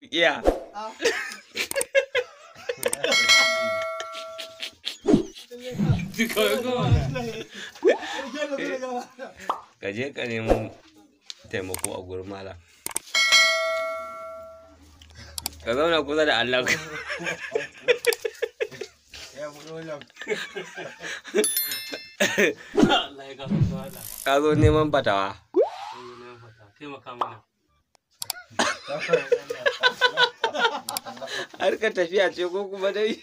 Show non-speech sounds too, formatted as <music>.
Yeah. Oh. ka je ka nemo taimako a gurin malam ka zauna kusa da allah ka zo neman fatawa taimaka mana <laughs> harkar tafiya ce ko kuma dai